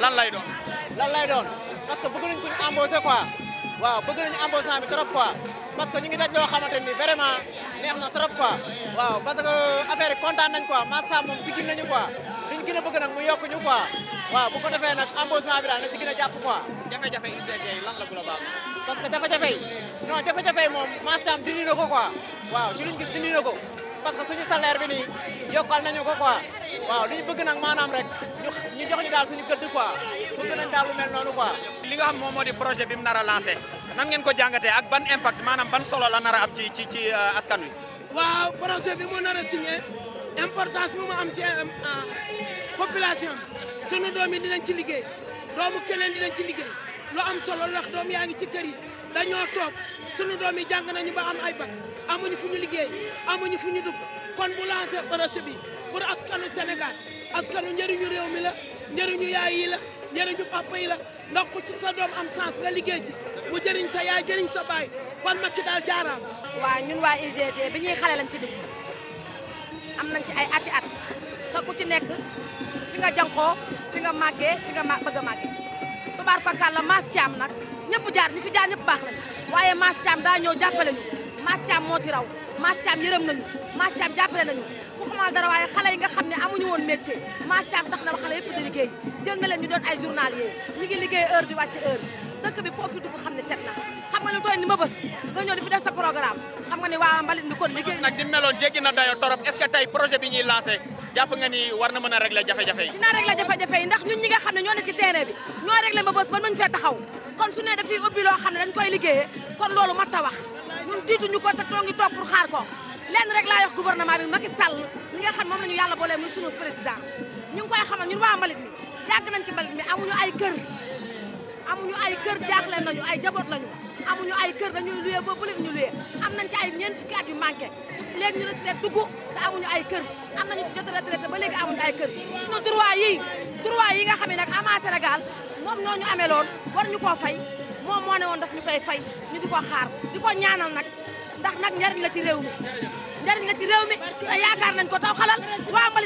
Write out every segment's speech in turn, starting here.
lan lay doon. lan lay doon parce que bëgg nañ ko ñu embauché waaw bëgg nañu embauchement bi trop quoi parce que ñu ngi daj loo xamante ni vraiment neex na trop quoi waaw parce que affaire yi kontaan nañ quoi massa moom si gin nañu quoi li ñu gën a bëgg nag mu yokk ñu quoi waaw bu ko defee nag embauchement bi daal na ci gën a jàpp quoi. jafe que jafe-jafe yi non jafe-jafe yi moom massa dindi na ko waaw ci liñ gis dindi que suñu salaire bi nii yokkal nañu ko quoi. waaw li ñu bëgg nag maanaam rek ñu jox ñu daal suñu gëdd quoi bëgg nañ daal lu mel noonu quoi. li nga xam moom moo di projet bi mu nar a lancé nan ngeen ko jàngatee ak ban impact maanaam ban solo la nar am ci ci ci euh, askan wi. waaw projet bi mu nar a signé importance bi mu am ci euh, euh, population bi sunu doom yi nañ ci liggéey doomu keneen nañ ci liggéey. lo am solo ndax doom yaa ngi ci kër yi dañoo toog sunu doom yi jàng nañu ba am ay bac amuñu fu ñu liggéey amuñu fu ñu dugg kon bu lancé projet bi pour askanu Sénégal askanu njëriñu réew mi la njëriñu yaay yi la njëriñu papa yi la ndax ci sa doom am chance nga liggéey ci bu jëriñ sa yaay jëriñ sa baay kon Macky daal jaaraam. waaw ñun waa UGG bi ñuy lañ ci dugg am nañ ci ay ati at te ku ci nekk fi nga jànkoo fi nga màggee fi nga bëgg a tubaar fakal la Mass Thiam nag ñëpp jaar ñu fi jaar ñëpp baax lañu waaye Mass Thiam daa ñëw jàppale ñu Mass Thiam moo ci raw Mass Thiam yërëm nañu Mass Thiam jàppale nañu waxuma dara waaye xale yi nga xam ne amuñu woon métier maas caam tax na ba xale yëpp di liggéey jël na leen ñu doon ay journalier ñu ngi liggéey heure di wàcc heure dëkk bi foofu dugg xam ne set na xam nga ne tooy ni ma bës nga ñëw di fi def sa programme xam nga ne waa mbalit mi kon liggéey nag di meloon jéggi na dayo torop est-ce que tey projet bi ñuy lancé jàpp nga ni war na mën a régler jafe-jafe yi ndax ñun ñi nga xam ne ñoo ne ci terrain bi ñoo régler ma bës ba nuñ fee taxaw kon su ne dafiy ubbi xam ne dañ koy liggéeyee kon loolu ñun tiituñu ko te too ngi toog pour xaar ko lenn rek laa yox gouvernement bi Macky Sall xam moom la ñu yàlla boolee muy sunu président ñu ngi koy xamal ñun waa mbalit mi yàgg ci mbalit mi amuñu ay kër amuñu ay kër jaaxle nañu ay jaboot lañu amuñu ay kër dañuy luye ba bële ñu luye am nañ ci ay ñeent fukki at yu manqué léegi ñu retraite dugg te amuñu ay kër am nañu ci jot retraité ba léegi amuñu ay kër suñu droit yi droit yi nga xam nag ama moom moo ne woon daf ñu koy fay ñu di ko xaar di ko ñaanal nag ndax nag njariñ la ci réew mi njariñ la ci réew mi te yaakaar nañ ko taw xalal waa mi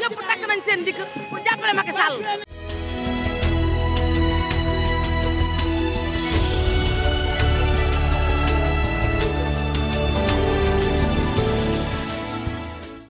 ñëpp takk nañ seen dikk pour jàppale Macky Sall